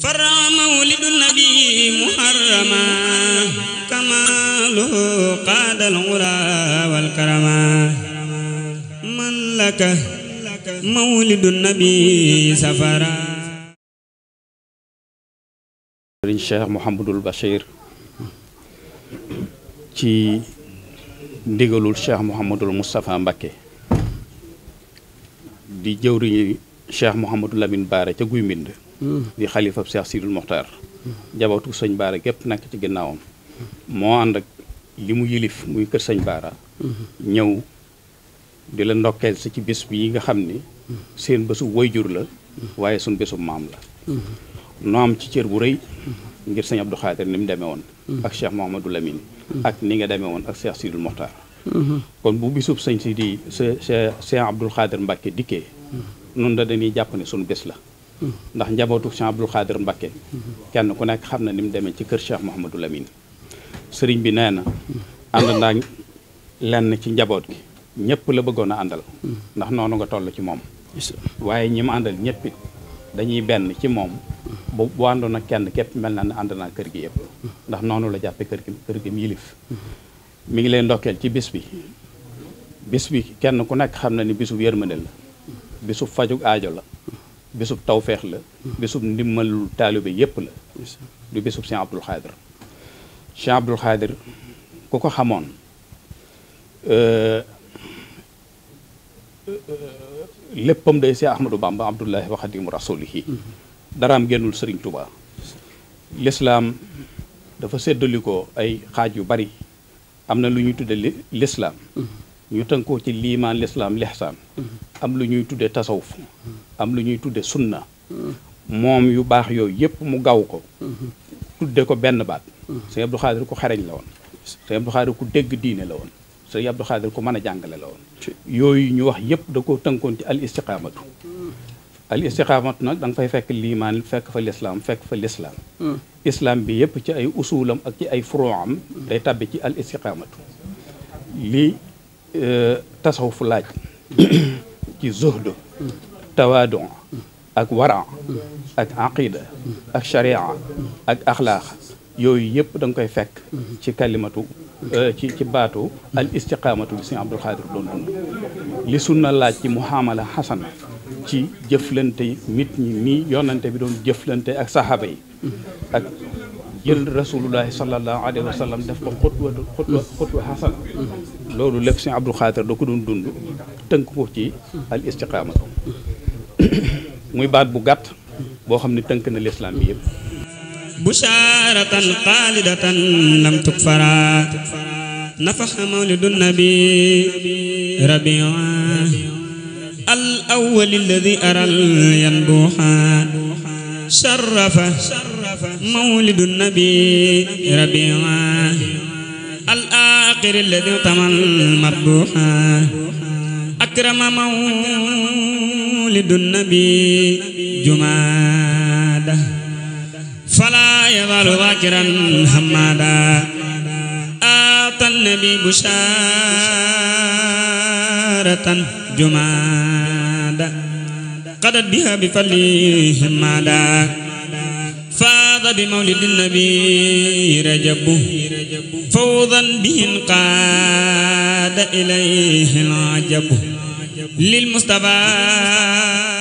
فرع مولد النبي محرما كماله قاد الغلا والكرما من لك مولد النبي سفرا sëriñ Cheikh Mouhamadul Bachir ci ndigalul Cheikh Mouhamadul Moustapha Mbacké di jëwriñu Cheikh Mouhamadul Lamine Baara ca guy mbind di xalifab Cheikh Sidul Moxtaar jabootu sëñ Baara gépp nekk ci ginnaawam moo ànd ak li mu yilif muy kër sëñ Baara ñëw di la ndokkeel si ci bés bii nga xam ni seen bésu wayjur la waaye suñ bésu maam la noo am ci cër bu rëy ngir sëñ Abdou Khadir ni mu demee woon ak Cheikh Mouhamadou ni nga demee ak Cheikh Sidul Moxtaar kon bu bisub sëñ si di Cheikh Abdou Khadir Mbacke dikkee noonu da dañuy jàpp ne suñu bés la ndax njabootu Cheikh Abdoul Khadir Mbacké kenn ku nekk xam na ni mu demee ci kër Cheikh Mouhamadou Lamine sëriñ bi nee na ànd naa lenn ci njaboot gi ñëpp la bëggoon a àndal ndax noonu nga toll ci moom waaye ñi àndal ñëpp dañuy benn ci moom bu bu àndoon ak kenn képp mel na ni ànd naa kër gi yëpp ndax noonu la jàppe kër gi kër gi mu yilif mi ngi leen ndokkeel ci bis bi bis bi kenn ku nekk xam na ni bisu yërmande la bisu fajug aajo la bésub tawfeex la bésub ndimmalul taalibe yépp la du bésub Cheikh Abdoul Khadir Cheikh Abdoul Khadir ku ko xamoon euh, euh, léppam day Cheikh Ahmadou Bamba Abdullahi wa Xaadimu Rasuulihi daraam génnul Sëriñ Tuubaa lislaam dafa séddalikoo ay xaaj yu bari am na lu ñuy tudde lislaam ñu tënkoo ci liimaan lislaam lihsaan mm-hmm. am lu ñuy tudde tasawuf mm-hmm. am lu ñuy tudde sunna mm-hmm. moom yu baax yooyu yëpp mu gaw ko tudde ko benn baat sëñ Abdou Khadir ku xereñ la woon sëñ Abdou Khadir ku dégg diine la woon sëñ Abdou Khadir ku mën a jàngale la woon yooyu ñu wax yëpp da koo tënkoon ci al istiqaamatu al istiqaamatu nag da fay fekk liimaan fekk fa lislaam fekk fa lislaam islaam bi yëpp ci ay usuulam ak ci ay furuam day tabbi ci al istiqaamatu Euh, tasawuf laaj ci zuhdu tawaadon ak waran ak aqida ak sharia ak axlaaq yooyu yëpp danga koy fekk ci kalimatu euh, ci ci baatu al istiqaamatu bi Sëñ Abdul Xaadir doon dund li sunna laaj ci muhaamala xasana ci jëflante nit ñi nii yonante bi doon jëflante ak saxaaba yi jël rasulullahi sallallahu def ko xutwa xutwa xutwa xasan loolu lépp sëñ Abdou Xaadir da ko doon dund tënk ko ci al muy baat bu gàtt boo xam ne tënk na lislaam bi yëpp busharatan lam tukfara nafaxa mawlidun nabi rabia al awwal alladi aral yanbuha sharafa مولد النبي ربيعا الآخر الذي طمل مربوحا أكرم مولد النبي جمادا فلا يزال ذاكرا حمادا آتى النبي بشارة جمادا قدت بها بفلي حمادا بطلب مولد النبي رجب فوضا به انقاد إليه العجب للمصطفى